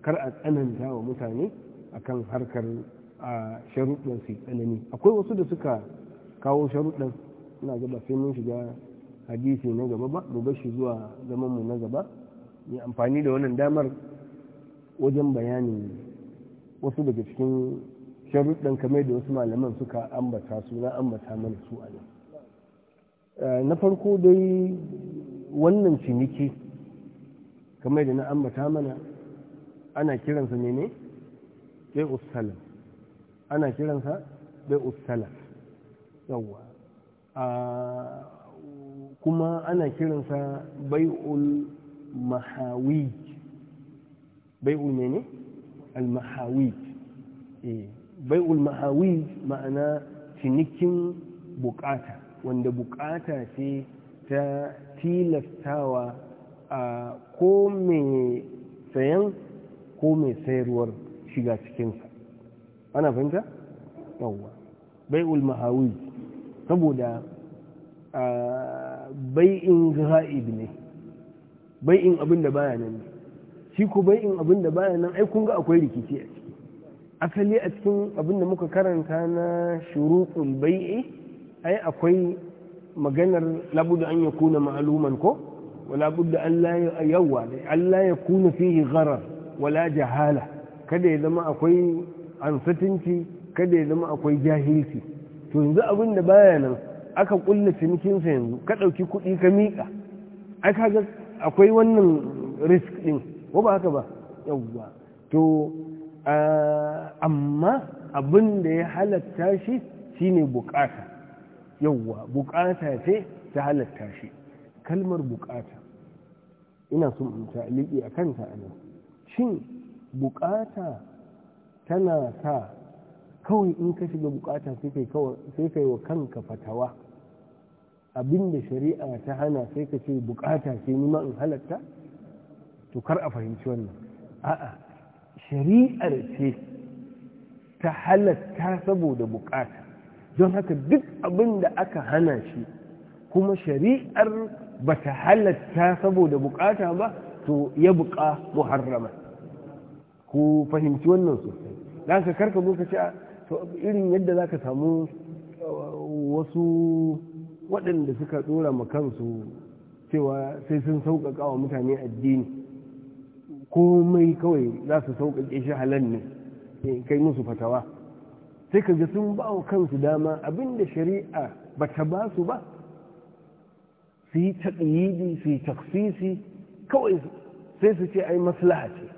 kar a tsananta wa mutane akan harkar a sharuɗin tsanani akwai wasu da suka kawo sharuɗin ina gaba sai mun shiga hadisi na gaba ba mu shi zuwa zaman mu na gaba mai amfani da wannan damar wajen bayanin wasu daga cikin sharuɗin kamar da wasu malaman suka ambata su na ambata mana su a nan eh, na farko dai wannan ciniki kamar da na ambata mana ana kiransa ne ne bai ustala ana kiransa bai ustala yawwa ah, kuma ana kiransa bai ul. mahawij bai'ul mene al-mahawij eh, bai'ul mahawij ma'ana cinikin bukata wanda bukata ce ta tilastawa a ko mai sayan ko mai sayarwar shiga cikinsa ana fahimta? yawwa bai'ul mahawij saboda bai'in gha'ib ne bai'in abin da baya nan ne shi ku bai'in abin da baya nan ai kun ga akwai rikici a ciki asali a cikin abin da muka karanta na shuruqul bai'i ai akwai maganar labudu an yakuna ma'luman ko wala budda an la yawa an la yakuna fihi gharar wala jahala kada ya zama akwai ansatinci kada ya zama akwai jahilci to yanzu abin da baya nan aka ƙulla cinikinsa yanzu ka ɗauki kuɗi ka miƙa aka ga akwai wannan risk din, ko ba haka ba yawwa to amma abin da ya halatta shi shine bukata yawwa bukata ce ta halatta shi kalmar bukata ina son in liƙi a kanta a nan shin bukata tana sa kawai in ka shiga bukata sai kai wa kanka fatawa abin da shari'a ta hana sai ka ce bukata ce nima in halatta to kar a fahimci wannan a'a shari'ar ce ta halatta saboda bukata don haka duk abin da aka hana shi kuma shari'ar ba ta halatta saboda bukata ba to ya buka muharrama ku fahimci wannan sosai don ka karka zo ka ce irin yadda za ka samu uh, wasu waɗanda suka ɗora ma kansu cewa sai sun sauƙaƙa wa mutane addini komai kawai za su sauƙaƙe shi halar ne kai musu fatawa sai ka ga sun ba wa kansu dama abinda shari'a ba ta ba su ba su yi taƙiyidi su yi taksisi kawai sai su ce ai maslaha ce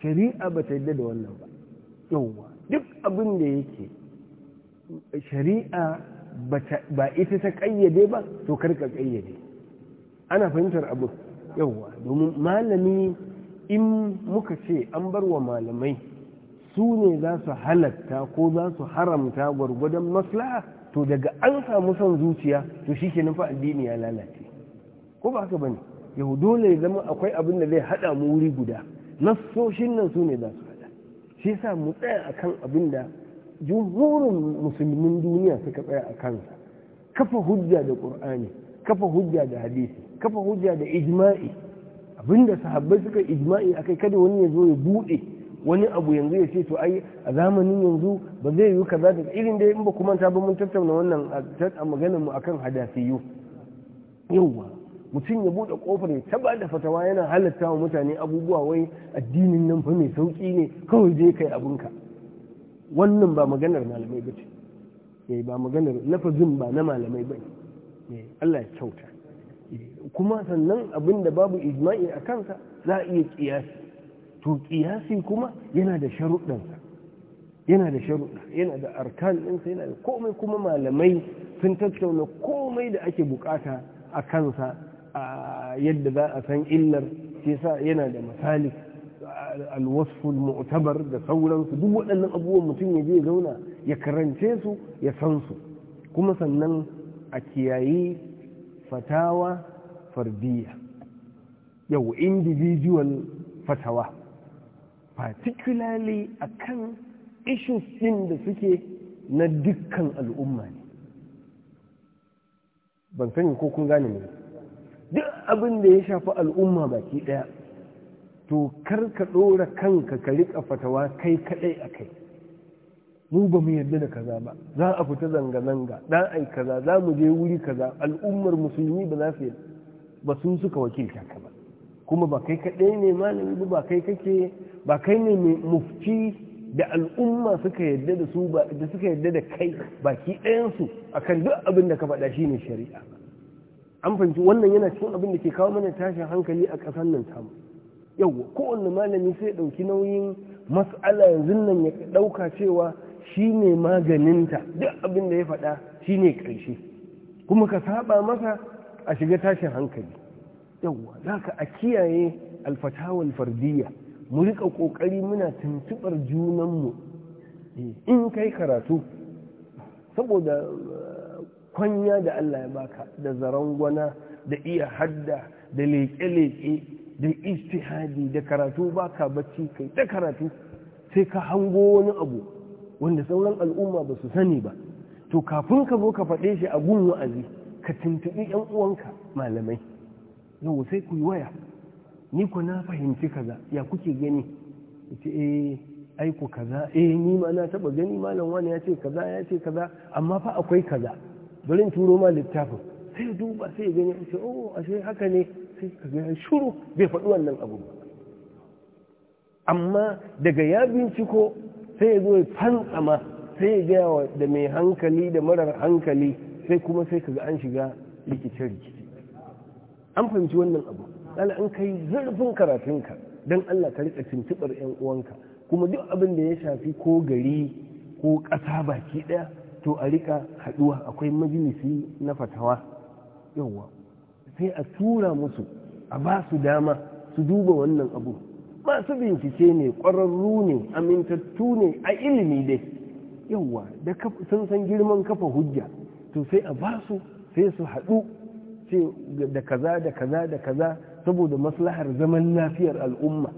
shari'a ba ta yadda da wannan ba yauwa duk abin da yake shari'a ba ita ta ƙayyade ba to karka kayyade ana fahimtar abu yauwa domin malami in muka ce an bar wa malamai su ne za su halatta ko za su haramta gwargwadon maslaha to daga an samu son zuciya to shi ke nufa addini ya lalace ko ba haka bane yau dole ya zama akwai abin da zai haɗa mu wuri guda nassoshin nan su ne za su haɗa shi sa mu tsaya akan abin da jumhurin musulmin duniya suka tsaya a kansa kafa hujja da ƙur'ani kafa hujja da hadisi kafa hujja da ijma'i abinda sahabbai suka ijma'i akai kada wani ya zo ya buɗe wani abu yanzu ya ce to ai a zamanin yanzu ba zai yi kaza da irin dai in ba kuma ta ba mun tattauna wannan a maganar mu akan hadasiyu yawa mutum ya buɗe kofar ya taba da fatawa yana halatta wa mutane abubuwa wai addinin nan fa mai sauki ne kawai je kai abinka wannan ba maganar malamai ba ce eh, ba maganar lafazin ba na malamai ba ne eh, Allah ya kyauta eh, kuma sannan abin da babu ijma'i a kansa za a iya kiyasi to kiyasi kuma yana da sharuɗansa yana da sharuɗa yana da arkan ɗinsa yana da komai kuma malamai sun tattauna komai da ake bukata a kansa a yadda za a san illar shi yana da misali alwasful mu'tabar da sauransu duk waɗannan abubuwan mutum ya je zauna ya karance su ya san su kuma sannan a kiyayi fatawa fardiya yau individual fatawa particularly akan issues ɗin da suke na dukkan al'umma ne ban sani ko kun gane ne duk abin da ya shafi al'umma baki ɗaya to karka ka ɗora kanka ka riƙa fatawa kai kaɗai a kai mu ba mu yarda da kaza ba za a fita zanga-zanga dan ai kaza za mu je wuri kaza al'ummar musulmi ba za su ba sun suka wakilta ka ba kuma ba kai kaɗai ne malami ba kai kake ba kai ne mai mufti da al'umma suka yarda da su ba da suka yarda da kai baki ɗayansu akan duk abin da ka faɗa shi ne shari'a an fahimci wannan yana cikin abin da ke kawo mana tashin hankali a ƙasar nan tamu ko wanne malami sai ya ɗauki nauyin mas'ala yanzu nan ya ɗauka cewa shi ne maganinta duk abin da ya faɗa shi ne ƙarshe kuma ka saba masa a shiga tashin hankali yawwa za ka a kiyaye alfatawal fardiyya mu riƙa ƙoƙari muna tuntuɓar junanmu eh, in kai karatu saboda eh, kwanya da Allah ya baka da zaren gwana da iya hadda da leƙe-leƙe da istihadi da karatu ba ka bacci kai ta karatu sai ka hango wani abu wanda sauran al'umma ba su sani ba to kafin ka zo ka faɗe shi a gun wa'azi ka tuntuɓi yan uwanka malamai yau sai ku yi waya ni ku na fahimci kaza ya kuke gani ita eh aiku kaza eh ni ma na taba gani malam wani ya ce kaza ya ce kaza amma fa akwai kaza bari in turo ma littafin sai duba sai gani ce oh ashe haka ne sai ka ga shuru bai faɗi wannan abu ba amma daga ya binciko sai ya zo ya fantsama sai ya gaya wa da mai hankali da marar hankali sai kuma sai ka ga an shiga rikice rikici an fahimci wannan abu ɗala an kai zurfin karatunka don Allah ka rika tuntuɓar 'yan uwanka kuma duk abin da ya shafi ko gari ko ƙasa baki ɗaya to a rika haɗuwa akwai majalisi na fatawa yawwa sai a tura musu a ba su dama su duba wannan abu masu bincike ne ƙwararru ne amintattu ne a ilimi dai yawwa da sun san girman kafa hujja to sai a ba su sai su haɗu da kaza da kaza da kaza saboda maslahar zaman lafiyar al'umma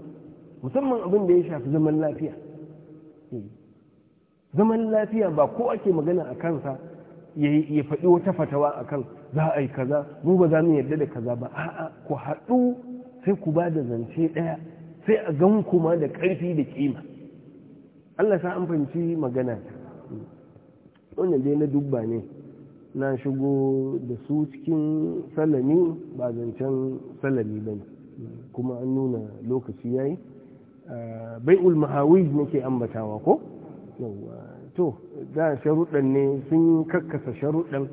musamman abin da ya shafi zaman lafiya eh, zaman lafiya ba ko ake magana a kansa ya faɗi wata fatawa akan za a yi kaza mu ba za mu yarda da kaza ba a'a ku haɗu sai ku ba da zance ɗaya sai a gan kuma da ƙarfi da kima Allah sa an fahimci magana wannan dai na dubba ne na shigo da su cikin salami ba zancen salami ba kuma an nuna lokaci yayi ah, bai ulmahawi nake ambatawa ko to da sharuɗan ne sun karkasa sharuɗan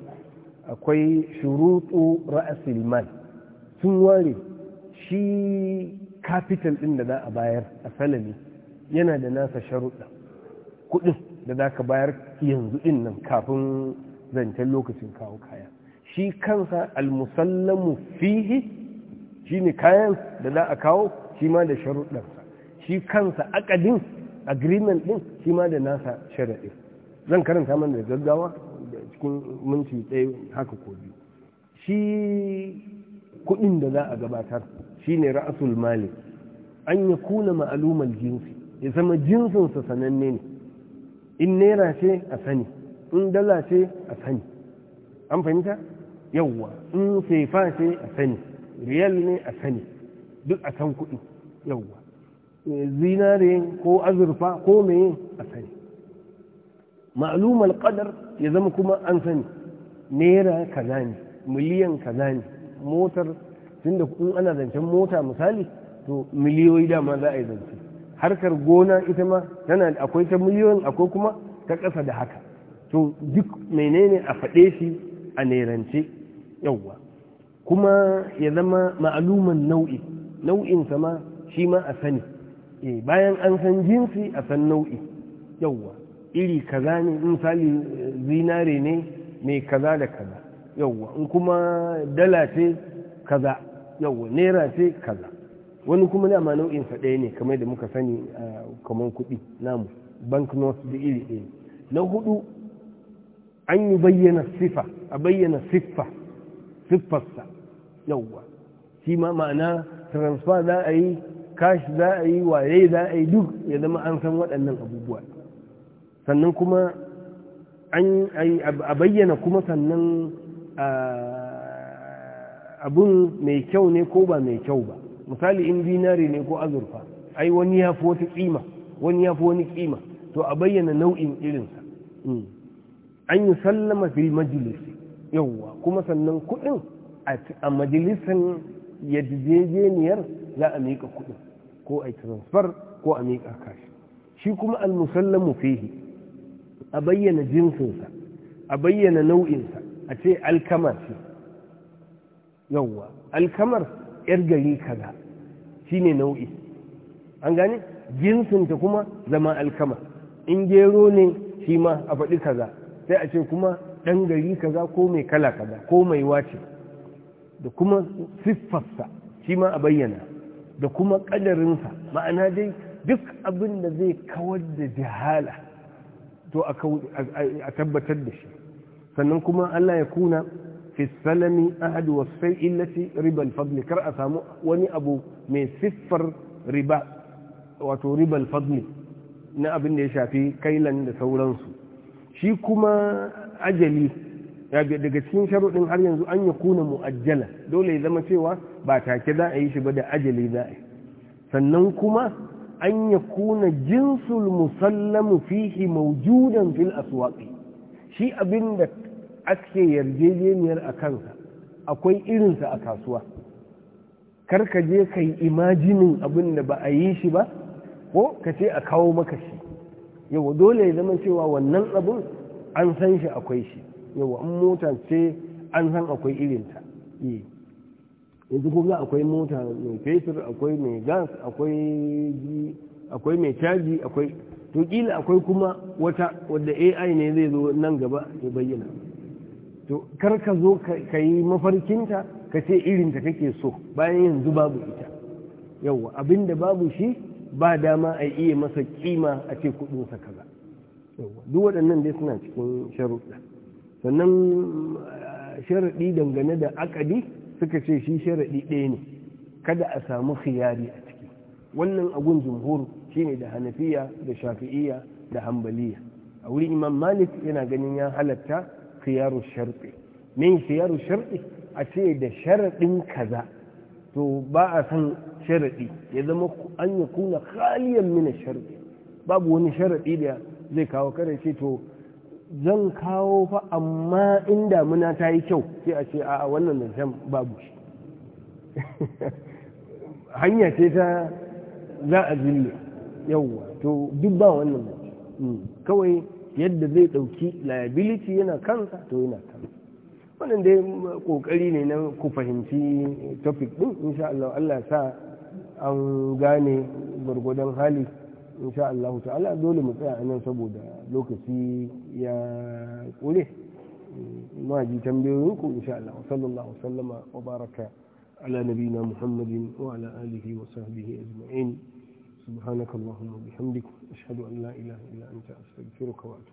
akwai shuruɗu ra'asil mal sun ware shi kafital ɗin da za a bayar a salami yana da nasa sharuɗa kuɗin da za ka bayar yanzu ɗin nan kafin zancen lokacin kawo kaya shi kansa almusallamu fihi shi ne kayan da za a kawo shi ma da sharuɗansa shi kansa akadin agreement din shi ma da nasa sharaɗi zan karanta mana da gaggawa da cikin minti ɗaya haka ko biyu shi kuɗin da za a gabatar shi ne ra'asul mali an ya kuna ma'alumar jinsi ya zama jinsinsa sananne ne in naira ce a sani in dala ce a sani an fahimta yawwa in sefa ce a sani riyal ne a sani duk a san kuɗi yawwa zinare ko azurfa ko meye a sani ma'alumar kadar ya zama kuma an sani naira kaza ne miliyan kaza ne motar da in ana zancen mota misali to miliyoyi dama za a yi zance harkar gona ita ma tana akwai ta miliyoyin akwai kuma ta ƙasa da haka to duk menene a faɗe shi a nerance yauwa kuma ya zama ma'aluman nau'i nau'in sama shi ma a sani eh bayan an san jinsi a san nau'i yawwa iri kaza ne misali zinare ne mai kaza da kaza yawwa in kuma dala ce kaza yawwa naira ce kaza wani kuma dama nau'in sa ɗaya ne kamar da muka sani kamar kuɗi namu banknotes da iri ɗaya na hudu an yi bayyana sifa a bayyana siffa siffarsa yawwa shi ma ma'ana transfer za a yi kashi za a yi waye za a yi duk ya zama an san waɗannan abubuwa sannan kuma an a bayyana kuma sannan abun mai kyau ne ko ba mai kyau ba misali in binari ne ko azurfa ai wani ya fi wata kima wani ya fi wani kima to a bayyana nau'in irinsa hmm. an yi sallama fil majalisi yauwa kuma sannan kuɗin a majalisan yadda yarjejeniyar za a miƙa kuɗin ko a yi transfer ko a miƙa kashi shi kuma al-musallam almusallamu fihi a bayyana jinsinsa a bayyana nau'insa a ce alkamar shi yawwa alkamar yar gari kaza shine nau'i an gane jinsinta kuma zama alkama in gero ne shi ma a faɗi kaza sai a ce kuma ɗan gari kaza ko mai kala kaza ko mai wace da kuma siffarsa shi ma a bayyana da kuma ƙadarinsa ma'ana dai duk abin da zai kawar da jihala to a tabbatar da shi sannan kuma Allah ya kuna fisalami salami ahadu wasai illati ribal fadli kar a samu wani abu mai siffar riba wato ribal fadli na abin da ya shafi kailan da sauransu shi kuma ajali ya daga cikin sharuɗin har yanzu an ya kuna mu'ajjala dole ya zama cewa ba take za a yi shi ba da ajali za a yi sannan kuma an ya kuna jinsul musallamu fihi maujudan fil aswaqi shi abin da ake yarjejeniyar a kansa akwai irinsa a kasuwa kar ka je ka yi imajinin abin da ba a yi shi ba ko ka ce a kawo maka shi yau dole ya zama cewa wannan abin an san shi akwai shi yawa an mota ce an san akwai irinta eh. yanzu kuma akwai mota mai fetur akwai mai gas akwai mai caji akwai to kila akwai kuma wata wadda ai ne zai zo nan gaba ya bayyana to kar ka zo ka yi mafarkinta ka ce irinta kake so bayan yanzu babu ita yauwa abinda babu shi ba dama a iya masa kima a ce kudinsa kaza duk waɗannan dai suna cikin sharuɗa sannan eh, sharaɗi dangane da akadi suka ce shi sharaɗi ɗaya ne kada a samu khiyari a ciki wannan agun jumhur shine da hanafiya da shafi'iya, da hambaliya a wuri imam malik yana ganin ya halatta khiyaru sharɗi min khiyaru sharɗi a ce da sharaɗin kaza to ba a san sharaɗi ya zama an ya kuna khaliyan mina sharɗi babu wani sharaɗi da zai kawo kare ce to zan kawo fa amma in damuna ta yi kyau sai a ce a wannan zancen babu shi hanya ce ta za a zille yauwa to duk ba wannan mm. kawai yadda zai ɗauki liability yana kansa to yana kansa wannan dai ƙoƙari ne na ku fahimci topic ɗin insha Allah Allah sa an gane gwargwadon hali insha Allah ta'ala dole mu tsaya nan saboda lokaci ya kure ma ji tambayoyin ku insha Allah sallallahu sallama wa baraka ala nabina Muhammadin wa ala alihi wa sahbihi ajma'in subhanakallahumma bihamdik ashhadu an la ilaha illa anta astaghfiruka wa atubu